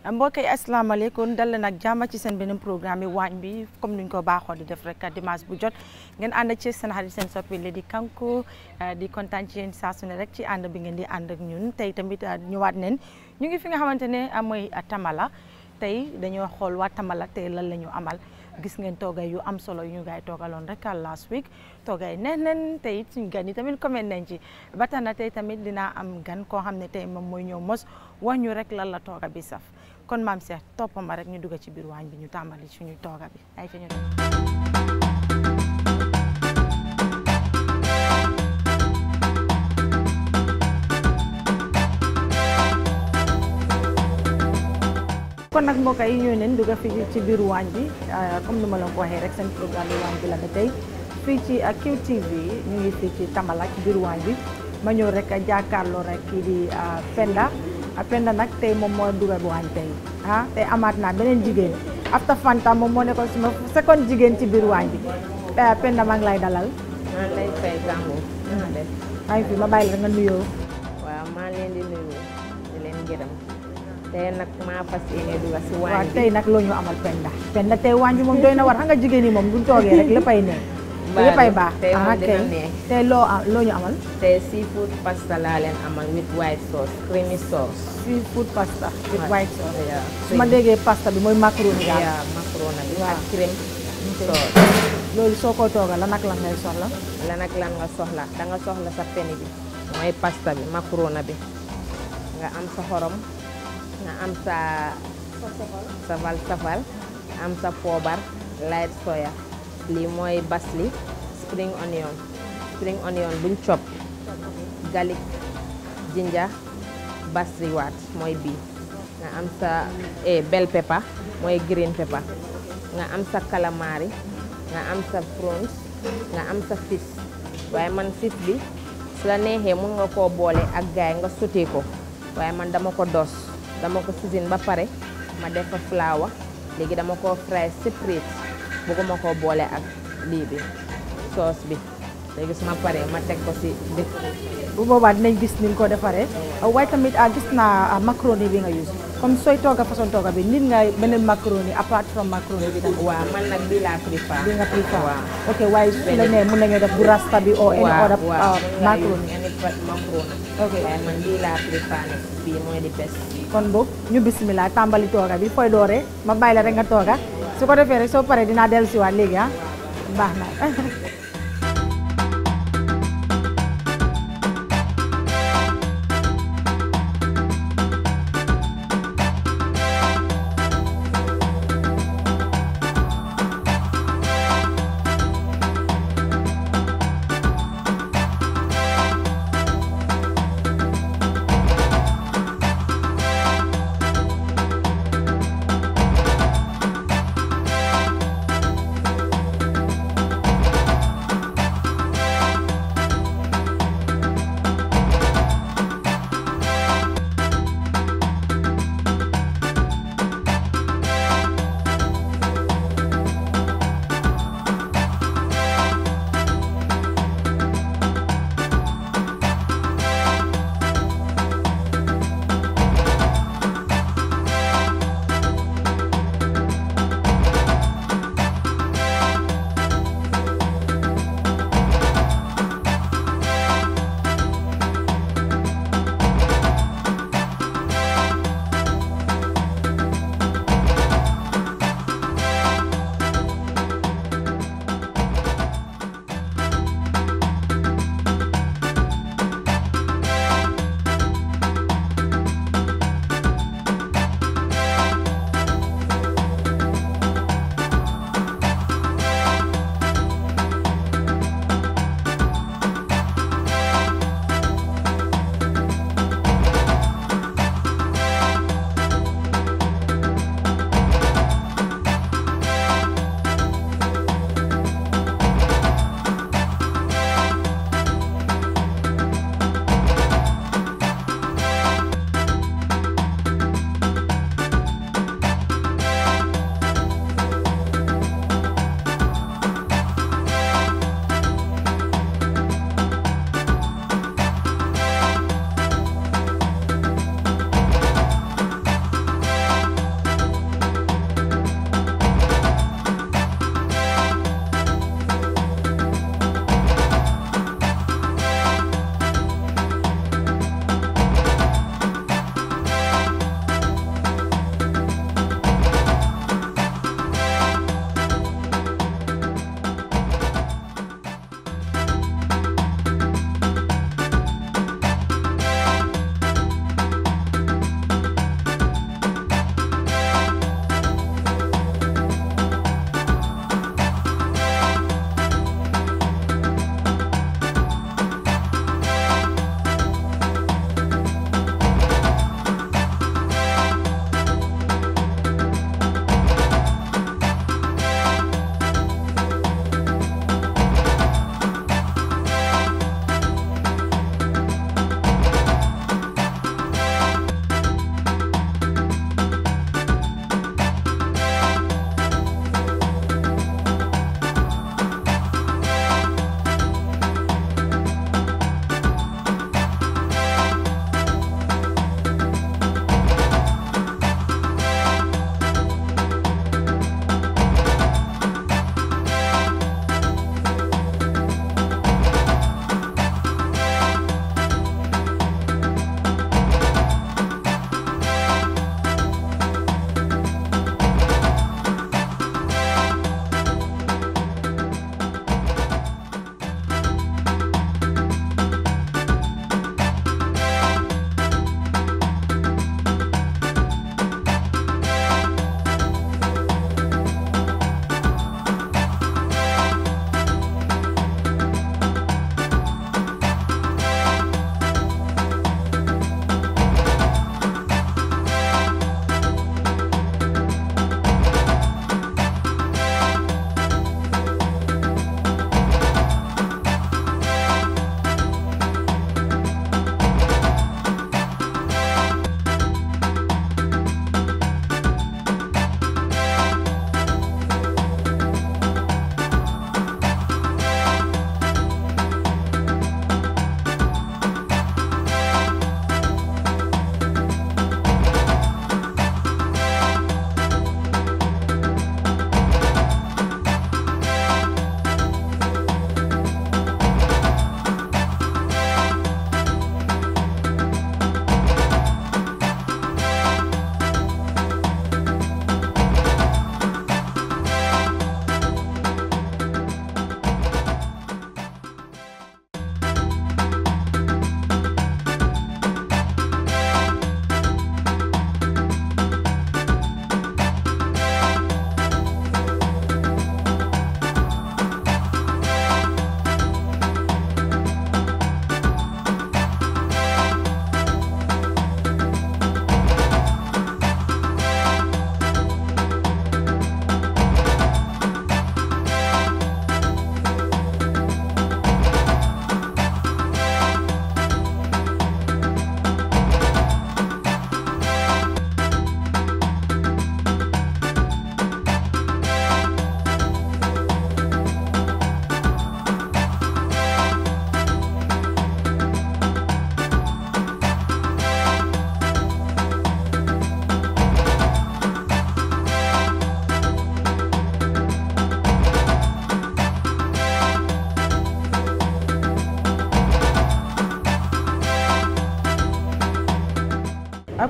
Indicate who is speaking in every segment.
Speaker 1: mbokay assalamu alaykum dal nak jama ci sen benen programme wañ bi comme nuñ ko baxo di def rek dimanche bu jot ngeen and ci sen hadi sen soppi di kanku eh, di kontaan ci yéen saa rek ci and bi ngeen di and ak ñun tay tamit eh, wat neen ñu ngi fi nga xamantene amoy eh, tamala tay dañu xol xool tamala tay lan lañu amal gis ngeen togay yu am solo yu ñu gaay rek last week togay nenen tay ci suñu tamit comme nañ ci batana tay tamit dina am gan ko xamne tay mom moy ñew mos wañu rek lan la toga bi saf kon mam Cheikh toppam rek ñu dugg ci biir wañ bi ñu tambali ci ñu toga bi ay fa ñu dem kon nak mo kay ñu neen dugg fi ci biir wañ bi euh, comme ni la ko waxee rek sen programme wañ bi la tay euh, fi ci ci tv ñu ngi fii ci Tambala ci biir wañ bi ma ñëw rek jaakarlo rek kii di euh, Fenda Apenda nag tey moom moo dugal bu añ tey ha, tey amaat naa beneen jigéen afta fanta mo ne ko suma second jigen ci bir waañ bi tey Apenda maa ngi lay dalal.
Speaker 2: maa lay fay Gambo. Hmm. maa ngi fi ma bàyyi la nga nuyo wa ma len di nuyo di len gërëm tay nak ma fas ene dugal ci waañ wa tay nak loñu
Speaker 1: amal Penda. Penda tay waañ mom doyna war nga jigen ni mom bu toge rek la fay ne.
Speaker 2: baax na baax tey moom dina neex tey loo loo ñu amal. tey seafood pasta laa amal with white sauce creamy sauce we food pasta with right. white sauce. Yeah. Sumadege
Speaker 1: pasta bi mooy macaroni daal. Yeah,
Speaker 2: macaroni bi Yeah. crème. sauce. loolu soo ko toogal lan ak lan ngay soxla. lan ak lan nga soxla da nga soxla sa penne bi Mau pasta bi macaroni bi nga am sa horom, nga am sa safal safal am sa pobar, light soya lii basli spring onion spring onion buñ chop garlic ginger basriwaat mooy bii nga am sa eh, bell pepper mooy green pepper nga am sa calamari nga am sa prawns nga am sa fish waaye man fish bi su la neexee mun nga koo boole ak gaay nga sauté ko waaye man dama ko dos dama ko season ba pare ma def fa flour léegi dama ko fry separate bëgguma koo boole ak lii bi soos bi léegi su ma paree ma teg ko si dëkk bu boobaa dinañ
Speaker 1: gis ni ko defaree uh, waaye tamit uh, gis naa uh, macaroni bi nga use comme sooy tooga façon tooga bi nit nga beneen macaroni apart bi tamit waaw man nag bi laa préfère bi nga préfère waaw ok waaye su la nee mën nañu def bu rasta bi oo any other macaroni
Speaker 2: ok waaye man bi mooy di best
Speaker 1: kon boog ñu bismillah tàmbali tooga bi fooy dooree ma bàyyi la rek nga tooga su ko defee rek soo paree dinaa dellusiwaat léegi ah baax na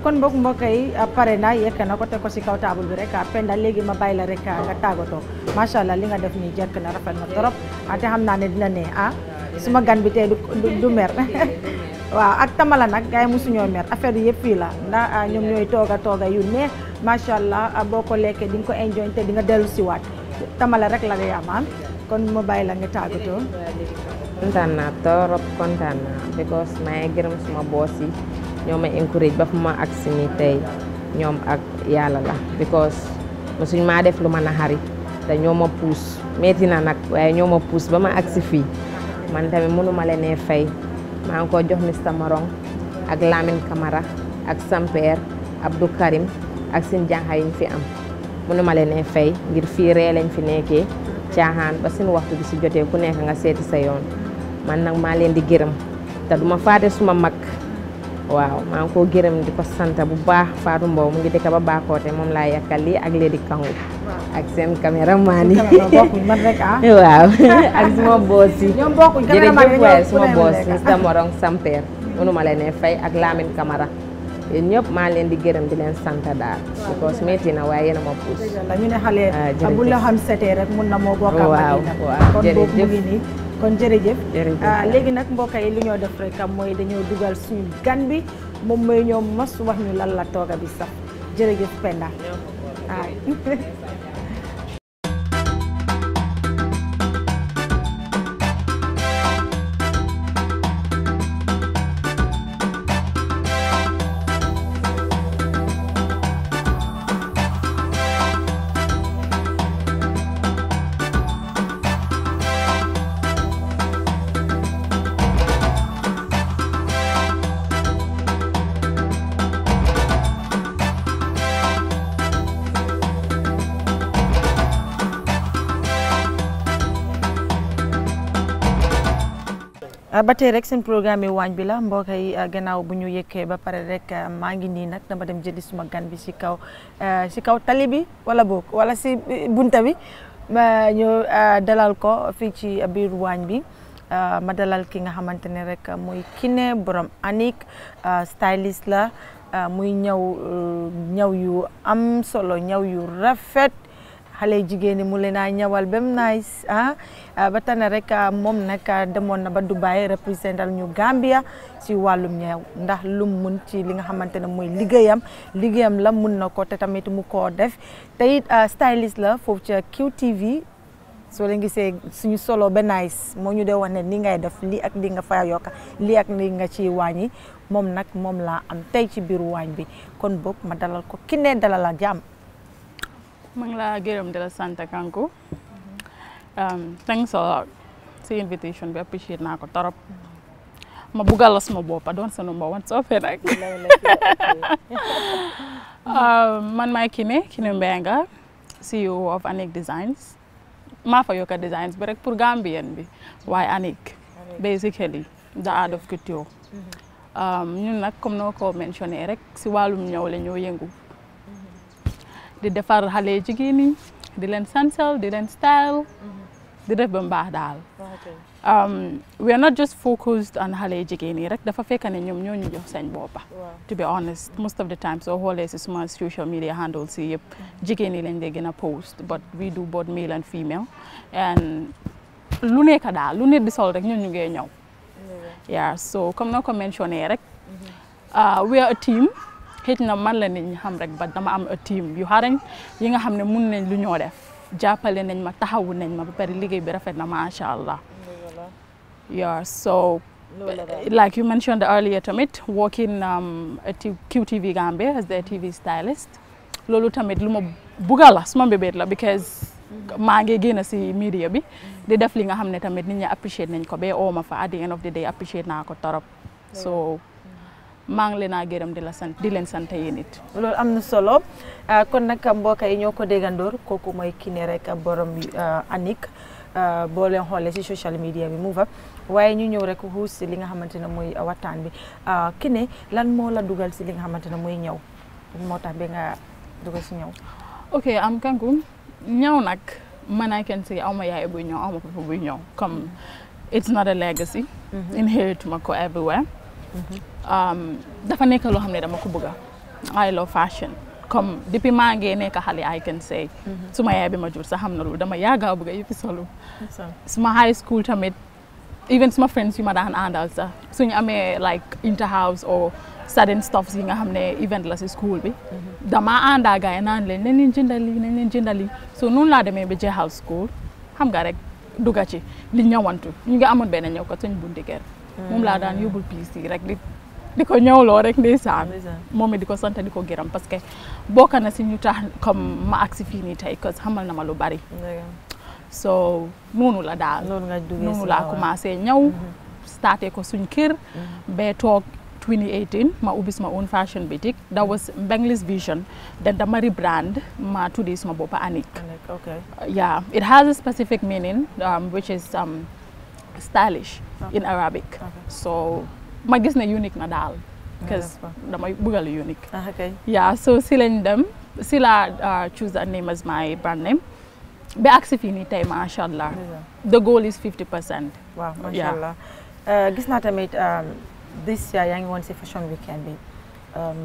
Speaker 1: Kon bok mbokai apare na ye kana kote ko sikaw tabul bi rek apenda legi ma bayla rek ga tagoto mashallah li nga def ni jek na torop ate xamna ne dina ne ah suma gan bi te du mer wa ak tamala nak gay mu suñu mer affaire yepp fi la na ñom ñoy toga toga yu ne mashallah boko lekke di ko enjoy te di nga delu ci wat tamala rek la ngay amal kon ma bayla nga tagoto
Speaker 2: kontana torop na because ma egeram suma bossi ñoma encourage ba fuma ma ak si ni ak yalla la because mosuñ ma def lu na xari da ñoma pousse puus metti na nag waaye ñoo ma puus ba ma agsi man tamé mënuma ma fay ma ngi ko jox Mr Marong ak Lamine Camara ak Samper Abdou Karim ak seen jànxa fi am mënuma ma fay ngir fi ré lañ fi néké tiahan ba seen waxtu bi ci jotté ku nekk nga séti sa yoon man nak ma leen di gërëm duma faaté suma mak waaw maa ngi ko gërëm di ko sant bu baax Fatou Mbow mu ngi dëkk ba Bakoote moom laa yàkkal lii ak Lady Kangou. ak seen caméraman yi
Speaker 1: man rek ah
Speaker 2: waaw ak suma boos yi
Speaker 1: jërëjëf waay suma boos Mr
Speaker 2: Morong père mënuma leen ne fay ak Lamine Camara yéen ñëpp maa leen di gërëm di leen sant daal because métti na waaye yéen a ma puus ñu ne xale ah, bu la xam
Speaker 1: setee rek mun na moo bokk ak waaw waaw jërëjëf kon jërëjëf ah, léegi nag mbokk yi lu ñoo def rek mooy dañoo dugal suñu gan bi moom mooy ñoo mos wax ñu lan la tooga bi sax jërëjëf Penda Ah, ba tey rek seen programme waañ bi la mbokk yi ah, gannaaw bu ñu yëkkee ba pare rek ah, maa ngi nii nag dama dem jëli suma gan bi si kaw si kaw tali bi wala boog wala si eh, bunta bi ma ñu dalal ko fii ci biir waañ bi ma dalal ki nga xamante ne rek muy Kine borom Anik styliste la muy ñaw ñaw yu am solo ñaw yu rafet xale jigéen ñi mu leen a ñawal ba nice ah ba tane rek moom na ba Dubai représental ñu Gambia ci walum ñeew ndax lum mun ci li nga xamante ne mooy liggéeyam la mun na tamit mu def te ah, stylist la foofu ca QTV so leen se suñu solo ba nice moo ñu dee ninga ne li ngay def lii ak lii nga fa yokk li ak lii nga ci wàññi moom nag am tay ci biir wañ bi kon bok ma dalal ko ki ne dalal la jam
Speaker 3: ma ngi laa gërëm di la sant Kankou um, thanks a lot si invitation bi appreciate naa ko torop ma buggal la suma a doon sa number one soo fee nag um, man maay Kine Kine Mbenga CEO of Anik Designs maa fa yokka designs bi rek pour Gambien bi waaye Anik basically the art of couture mm-hmm. um, ñun nag comme noo ko mentionné rek si wàllum ñëw la ñoo yëngu di defar xale jigéen ñi di leen sansel di leen style mm-hmm. di def ba mu baax daal. Um, we are not just focused on xale jigéen ñi rek dafa fekk ne ñoom ñoo ñu jox seen boppa to be honest most of the time soo xoolee si suma social media handles yi yëpp mm-hmm. jigéen ñi lañ dee gën a post but we do both male and female and lu nekk daal lu nit di sol rek ñun ñu ngee ñëw. yeah so comme na ko mentionné rek. Mm-hmm. Uh, we are a team. xëj na man la nit ñi xam rek ba dama am a team yu xarañ yi nga xam ne mun nañ lu ñoo def jàppale nañ ma taxawu nañ ma ba pare liggéey bi rafet na macha allah. yeah so. like you mentioned earlier tamit working um, at QTV Gambia as their TV stylist loolu tamit lu ma bugga la suma mbe la because maa ngi génn si media bi di def li nga xam ne tamit nit ñi appreciate nañ ko ba oo ma fa at the end of the day appreciate naa ko torop so
Speaker 1: maa ngi leen gërëm di la sant di leen sant yéen it. loolu am na solo ah, kon nag mbokk yi ñoo ko déggandoor kooku mooy Kiné rek borom ah, Anik ah, boo leen xoolee si social media bi mu fa waaye ñu ñëw rek xuus si li nga xamante ne mooy waxtaan bi kine lan moo la dugal si li nga xamante ne mooy ñaw moo tax bi nga dugal si ñaw.
Speaker 3: ok am kanku ñaw nag man I can say aw ma yaay buy ñëw aw ma papa buy ñëw comme it's not a legacy. Mm-hmm. inherit ma ko everywhere. Mm-hmm. Um, dafa nekk loo xam ne dama ko bëgga I love fashion comme depuis maa ngi nekk xale I can say mhm. suma yaay bi ma jur sax xam na loolu dama yaaga bëgga yëfi su ma high school tamit even suma friends yu ma daan àndal sax suñu amee like interhouse or sudden stuffs yi nga xam ne event la si school bi mhm. dama àndaa gars yi naan leen nañ leen jëndali leen jëndali so noonu laa demee ba jeexal school xam ga rek dugga ci li ñëwantu ñu ngi amoon benn ñëw ko suñ bunti kër moom laa daan mm. yóbbul piis yi rek di di ko ñëwloo rek ndeysaan moom diko di ko sant di ko gërëm parce que bokk na si ñu tax comme ma agsi fii nii tey parce xamal na ma lu bari so noonu la daal noonu laa commencé ñëw mhm. starté ko suñ kër mhm. ba toog 2018 ma ubbi suma own fashion boutique that was bangles Vision then the Marie brand ma tuddee suma bopp Anik
Speaker 1: okay yeah
Speaker 3: it has a specific meaning um, which is um, stylish in Arabic so ma gis ne unique na daal because ah, damay bëggal unique ah, yeah so si lañ dem si laa uh, choose that name as my brand name ba agsi fii nii tey macha allah the goal is
Speaker 1: fifty percent waaw macha uh, gis naa tamit um, this yaa ngi woon si fashion weekend bi um,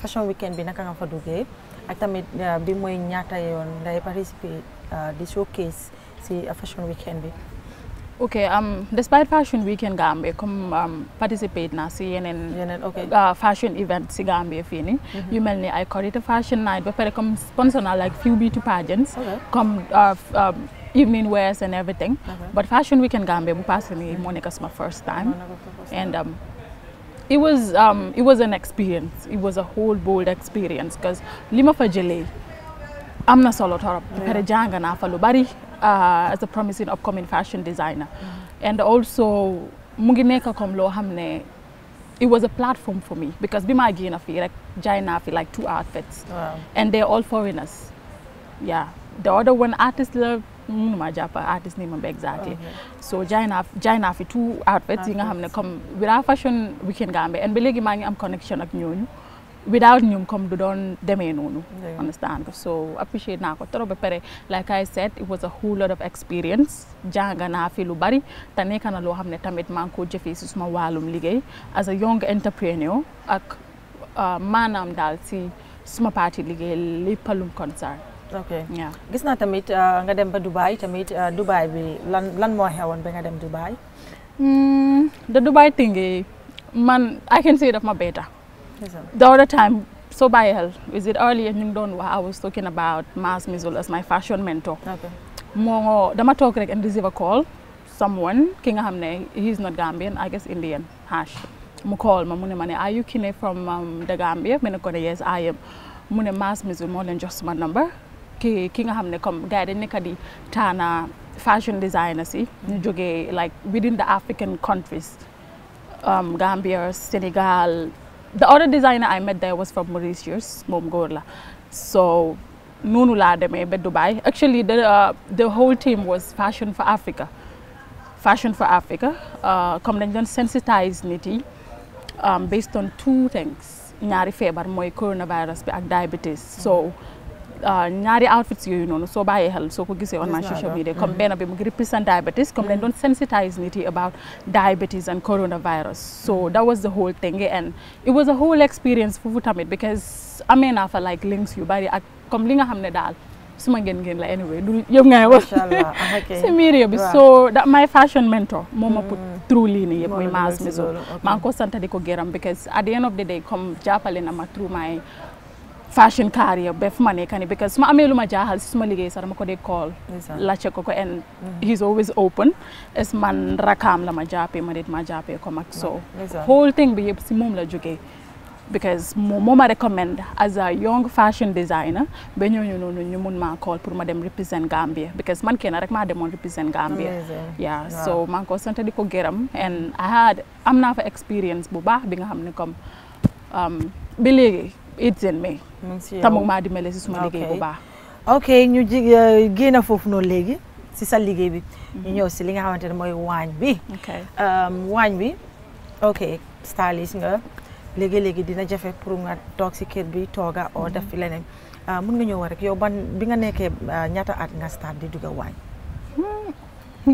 Speaker 1: fashion weekend bi naka nga fa duggee ak tamit uh, bi mooy ñaata yoon ngay participer di showcase si fashion weekend bi
Speaker 3: Okay, um, despite Fashion Week in Gambia, come um, participate na si yenen, yenen okay. uh, fashion event si Gambia fini. Mm -hmm. You melni I call it a fashion night, but pere come sponsor na like few beauty pageants, okay. come uh, um, evening wears and everything. Okay. Uh-huh. But Fashion Week in Gambia, bu pass ni Monica's my first time, first and um, it was um, it was an experience. It was a whole bold experience because lima I'm not solo torop. Pere janga na fa bari uh, as a promising upcoming fashion designer. And also, mu ngi nekk it was a platform for me because bima maa génn fii rek jaay naa fi like two outfits. and they are all foreigners. yeah the other one artist love mënu ma artist ni ma ba exactly. so jaay naa jaay naa fi two outfits yi hamne come ne comme fashion weekend Gambia and ba léegi maa am connection ak ñooñu. without ñun comme du doon demee noonu. understand so appreciate naa ko trop ba pare like I said it was a whole lot of experience jàng naa fi lu bari te nekk na loo xam ne tamit maa ngi ko jëfee si suma wàllum liggéey as a young entrepreneur ak uh, maanaam daal si suma parti liggéey lépp lum concern. ok
Speaker 1: gis naa tamit uh, nga dem ba Dubai tamit uh, Dubai bi lan lan moo xewoon ba dem Dubai.
Speaker 3: Hmm,
Speaker 1: the Dubai thing man
Speaker 3: I can say daf ma beeta. the other time so by health it earlier ñu ngi doon wax I was talking about Mars Mizul as my fashion mentor moo dama toog rek and receive a call someone ki nga xam ne he's not Gambian I guess Indian hash mu call ma mu ne ma ne are you Kine from um, Gambia ma ne ko ne mu ne Mars Mizul moo leen jox sama number ki ki nga xam ne comme gars yi dañ nekk di taana fashion designers yi ñu jógee like within the African countries um, Gambia Sénégal the other designer I met there was from Mauritius moom góor la so noonu laa demee ba Dubai actually the uh, the whole team was fashion for Africa fashion for Africa uh, comme dañ doon sensitise nit yi um, based on two things ñaari feebar mooy coronavirus bi ak diabetes so. Ah, ñaari outfits yooyu noonu soo bàyyee xel soo ko gisee on my social media mm-hmm. comme benn bi mu ngi represent diabetes comme dañ doon sensitize nit about diabetes and coronavirus so mm-hmm. that was the whole thing it was a whole experience foofu tamit because amee naa fa like links yu bari ak comme li nga xam ne daal suma ngeen ngeen la anyway du yëpp ngay wax ah, si mirie bi fashion mentor moo ma put mm-hmm. through lii nii yëpp muy maas so maa ngi ko sant di ko gërëm because at the end of the day comme jàppale na ma fashion career ba fu ma nekk nii because su ma amee ma jaaxal si suma liggéey sax dama ko dee call. laajte ko ko and mm-hmm. he's always open. es man rakaam la ma jàppee ma ne ma jàppee ko mag so. whole thing bi yëpp si moom la jógee. because moom moo ma recommend as a young fashion designer ba ñooñu noonu ñu mun maa call pour ma dem represent Gambia because man kenn rek ma maa demoon represent Gambia. yeah so maa ngi ko sant di ko gërëm and I had am naa fa experience bu baax bi nga xam
Speaker 1: ne comme um, 8e mai
Speaker 3: tamag maa dimbale si suma liggéey bu baax
Speaker 1: ok ñu ji euh, génn foofu noonu léegi si sa liggéey bi mhm. ñu ñëw si li nga xamante ne mooy waañ bi um, waañ bi ok stylist nga léegi-léegi dina jafe pour nga toog si kër bi tooga oo mhm. def fi leneen ah, mun nga ñëw rek yow ban bi nga nekkee ah, ñaata at nga start di dugg waañ hmm.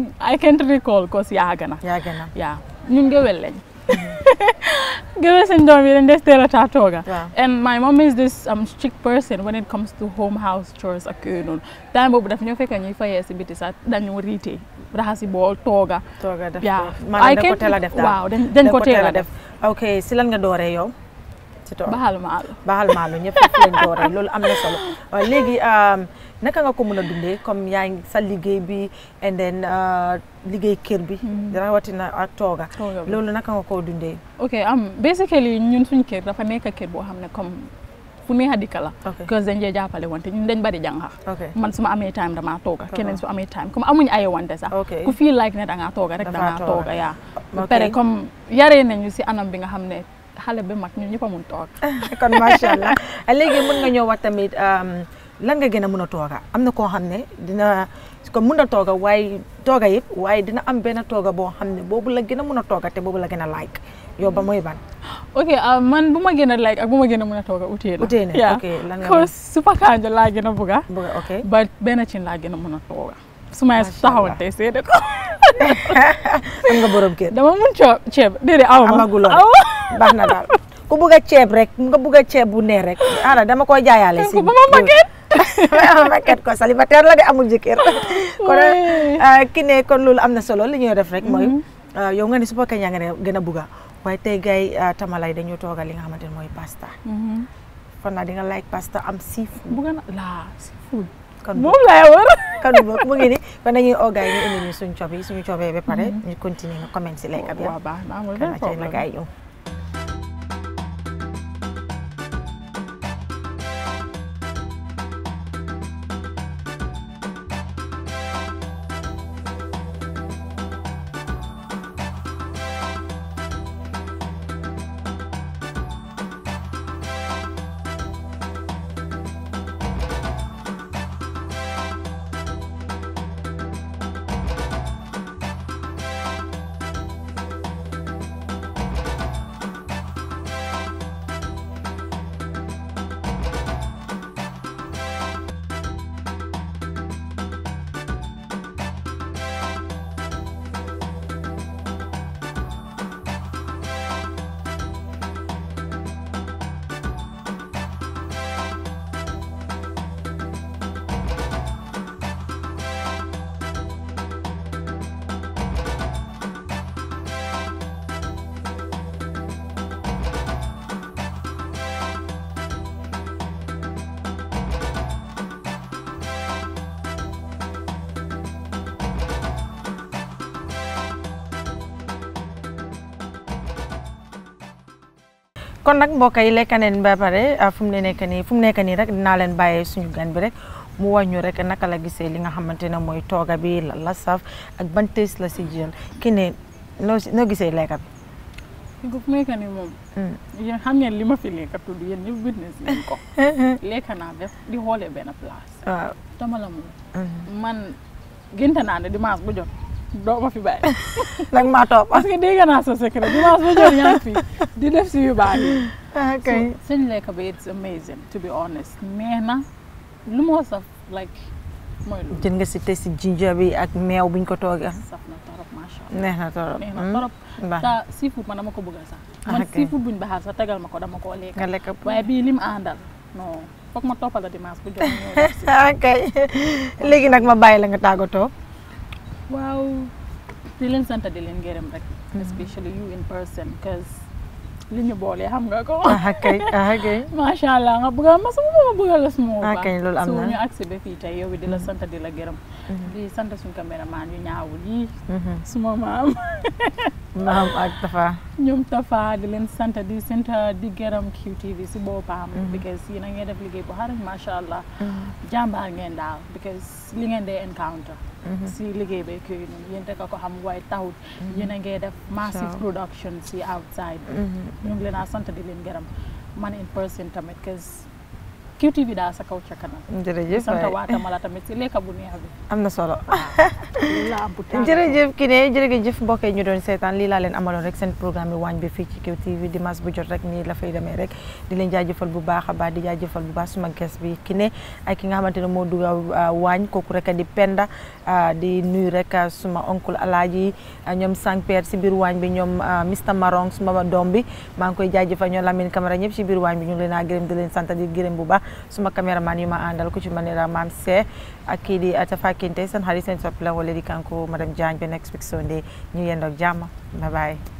Speaker 1: I can't recall cause yaaga na yaaga na ñun ngewel lañ mhm.
Speaker 3: Given syndrome, then they still attack toga. And my mom is this um, strict person when it comes to home house chores. Okay, no. Time but if you fake and you fire SBT, so then you si But has a ball toga. Toga. Yeah. I can. Wow. Then then kotela def.
Speaker 1: si lan nga dore yow baal ma baal ma ñëpp foofu lañ dooree loolu am na solo euh, léegi euh, naka nga ko mën a dundee comme yaa ngi sa liggéey bi and then euh, liggéey kër bi mhm. rawatina ak tooga loolu naka nga koo dundee
Speaker 3: ok am basically ñun suñ kër dafa nekk kër boo xam ne comme fu ne a dikka la cause dañ dee jàppale wante ñun dañ bari jàng man su ma amee time damaa tooga uh-huh. keneen su amee time comme amuñ ayo wante sax ku fii like ne dangaa tooga rek dangaa tooga yaa pare comme yare nañu si anam bi nga xam ne xale bi mag ñun ñëppa a mun toog. kon macha allah léegi mën nga
Speaker 1: ñëw wax tamit um, lan nga gën a mën a tooga am na koo xam ne dina kon mën a tooga waaye tooga yëpp waaye dina am benn tooga boo xam ne boobu la gën a mën a tooga te boobu la gën a like yow ba mooy ban.
Speaker 3: ok ah, man bu ma gën a like ak bu ma gën a mën a tooga utee la. utee la ok lan nga su fa laa gën a buga. buga ok ba benn cin laa gën a mën a tooga. su ma taxaw tey seede ko am
Speaker 1: nga borom kër dama mun coob ceeb déedéet aw ma amaguloo baax na daal ku bugg a ceeb rek nga bugg a ceeb bu neex rek ana dama koy jaayaale kan si ba ma maget ma maget ko célibataire la de amul jëkkër kon eh, ki ne kon loolu am na solo li ñuy def rek mooy yow nga ne su bokkee ñaa nga ne gën a bugg a waaye tey gay pasta karena mm-hmm. naa like pasta am seafood bukan lah. laa seafood kon moom laa kanu boog mu ngi ni kon dañuy organ yi indi suñu cob yi suñu cobee ba pare mm-hmm. ñu continuer nga commencé si lekk bi ah. waaw baax na amul benn problème kon nag mbokk yi lekk neen ba pare ah, fu mu ne nekk nii fu mu nekk nii rek dinaa leen bàyyee suñu gan bi rek mu wàññu rek naka la gisee li nga xamante ne mooy tooga bi la la saf ak ban tës la si jël ki ne noo noo gisee lekk bi.
Speaker 3: gu fu nekk nii moom. Mm. yéen xam ngeen li ma fi lekk ko. lekk naa def di xoolee benn
Speaker 1: la
Speaker 3: moom. Mm-hmm. man gént naa ne dimanche bu jot. doo ma fi bàyyi. nag maa toog parce que dégg naa sa secret dimanche ba jot yaa ngi fi di def si yu baax yi. Ah, ok suñ bi it's amazing to be honest mais lu moo saf like mooy jën nga
Speaker 1: si te si jinja bi ak meew bi ko tooga saf
Speaker 3: na torop macha allah neex na torop neex na hmm? torop. ta seafood ma dama ko bëgg sax. Ah, man seafood buñ baaxal sax tegal ma ko dama koo lekk. nga lekk waaye bii lim àndal non foog ma toppal la dimanche bu jot.
Speaker 1: ok léegi nag ma bàyyi la nga tàggatoo.
Speaker 3: waaw di leen sant di leen gërëm rek. especially you in person cause li ñu boole xam nga ko. ah macha allah nga bëgg a ma sama ma bëgg a la ah, am na su ñu ba fii tey yow di la mhm. sant di la gërëm. Mhm. di sant suñu caméraman yu ñaawul lii
Speaker 1: mhm. suma maam. naam ak Tafa.
Speaker 3: ñoom Tafa di leen sant di sant di gërëm QTV si boppam. Mm-hmm. because yéen a ngeen def liggéey bu xarit macha allah. Mm-hmm. jàmbaar ngeen daal because li ngeen dee encounter. Mm-hmm. si liggéey bi kii yi de yéen ko xam waaye taxut. yéen a ngeen def massive production si outside. ñu ngi leen sant di leen gërëm man in person tamit because. QTV da sa kaw ca kanam
Speaker 1: jërëjëf sant wata mala
Speaker 3: tamit si leka bu neex ya bi
Speaker 1: am na solo ah,
Speaker 3: jërëjëf
Speaker 1: ki ne jërëjëf jeuf mbokay ñu doon setan li la leen amalon rek seen programme bi wañ bi fi ci QTV dimanche bu jot rek ni la fay demé rek di leen jaajeufal bu baaxa ba di jaajeufal bu baax suma guest bi ki ne ak ki nga xamantene mo du ah, wañ koku rek di penda ah, di nuy rek suma oncle alaaji ñom sang père ci bir wañ bi ñom Mr Marong suma dom bi ma ngi koy jaajeufal ñoom Lamine Camara ñep ci bir wañ bi ñu leena gërem di leen sant di gërem bu baax suma caméraman yu ma àndal ku ci mel ni Ramane Sey ak kii di eh, Tafa Kinte seen xarit seen soppi la wala di kanku madame Diagne ba next week Sunday ñu yendoo ak jàmm bye bye